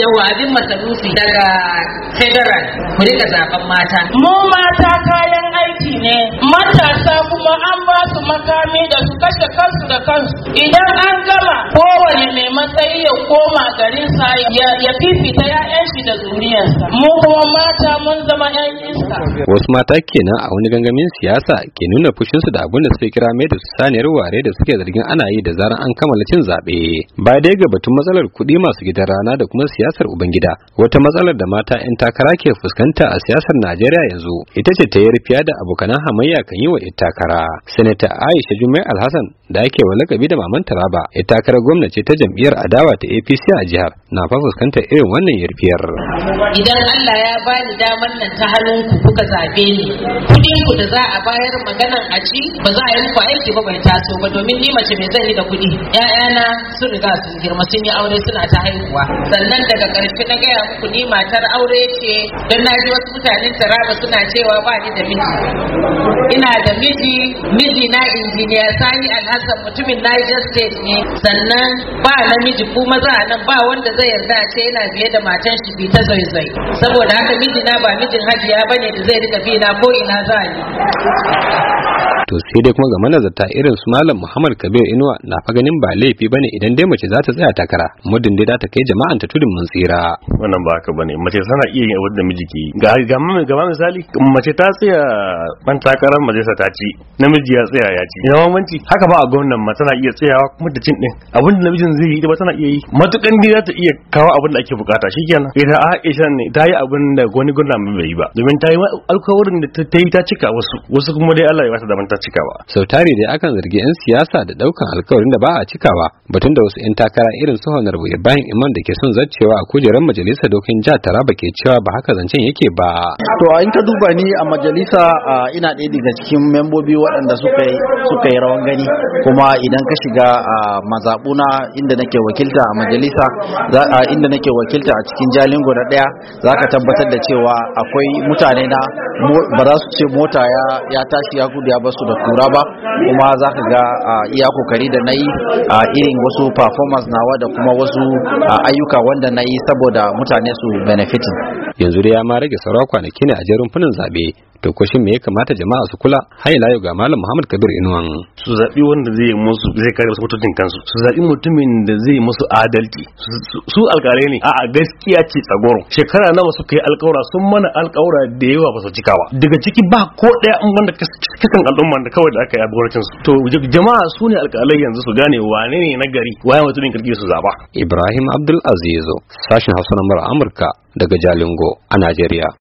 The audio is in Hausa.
yawa abin masarufi daga federal ku rika zaben mata mu mata kayan sai ya koma garinsa ya fifita ya'yan da zuriyarsa mu kuma mata mun zama yayinsa wasu mata kenan a wani gangamin siyasa ke nuna fushin su da abin da suke kira mai da saniyar ware da suke zargin ana yi da zaran an kammala cin zaɓe ba dai ga batun matsalar kuɗi masu gidan rana da kuma siyasar ubangida wata matsalar da mata 'yan takara ke fuskanta a siyasar najeriya yanzu ita ce ta yarfiya da abokanan hamayya kan yi wa 'yan takara senator aisha jumai alhassan da ake wa lakabi da maman taraba 'yan takarar gwamnati ta jam'iyyar adawa ta APC a jihar na fa irin wannan yarfiyar. Idan Allah ya bani damar nan ta hannun ku, kuka zabe ni, kudin ku da za a bayar maganan a ci ba za a yi muku aiki ba bai taso ba domin ni mace mai zan yi da kudi. ‘Ya'yana sun riga sun girma sun yi aure suna ta haihuwa. Sannan daga ƙarfi na gaya muku ni matar aure ce don na ji wasu mutanen taraba suna cewa ba ni da miji. Ina da miji, miji na injiniya Sani Alhassan mutumin Niger State ne sannan ba nan miji ku maza a nan ba wanda zai yarda ce yana biye da matan shi bi ta zai saboda haka mijina ba mijin hajiya bane da zai rika bi na ko ina za ni to sai dai kuma ga manazarta irin su malam muhammad kabir inuwa na fa ganin ba laifi bane idan dai mace za ta tsaya takara muddin dai za ta kai jama'an ta tudun mun tsira wannan ba haka bane mace tana iya yin abin da miji ke ga ga gaba misali mace ta tsaya ban takarar majalisa ta ci namiji ya tsaya ya ci ina mamanci haka ba a gwamnan ma tana iya tsayawa kuma da cin din abin da namijin zai yi ba tana iya yi matukan dai za ta iya kawo abin da ake bukata shikenan ita Aisha ne ta yi abin da gwani gwamna bai yi ba domin ta yi alkawarin da ta yi ta cika wasu wasu kuma dai Allah ya ta da ta cika sau tari dai akan zargi 'yan siyasa da daukan alkawarin da ba a cikawa batun da wasu 'yan takara irin su honar bayan iman da ke son zacewa a kujerar majalisa dokin jihar taraba ke cewa ba haka zancen yake ba to in ta duba ni a majalisa ina ɗaya daga cikin membobi waɗanda suka yi suka yi rawan gani kuma idan ka shiga mazabuna inda nake wakilta a majalisa inda nake wakilta a cikin jalingo na ɗaya za ka tabbatar da cewa akwai mutane na ba za su ce mota ya tashi ya gudu ya basu da tura ba kuma za ka ga iya kokari da na yi irin wasu performance nawa da kuma wasu ayyuka wanda na yi saboda mutane su benefitin yanzu dai ya ma rage sauran kwanaki ne a jerin funin zaɓe to ko shin me ya kamata jama'a su kula har ila yau ga malam Muhammad Kabir Inuwan su zabi wanda zai musu zai kare su mutuncin kansu su zabi mutumin da zai musu adalci su alƙalai ne a'a gaskiya ce tsagoro shekara nawa suka yi alƙawura sun mana alƙawura da yawa ba su cika ba daga ciki ba ko ɗaya an wanda kasan al'umma da kawai da aka yi a su to jama'a su ne alƙalai yanzu su gane wane ne na gari waye mutumin kirki su zaba Ibrahim Abdul azizo sashin Hausa na Amurka daga Jalingo a Najeriya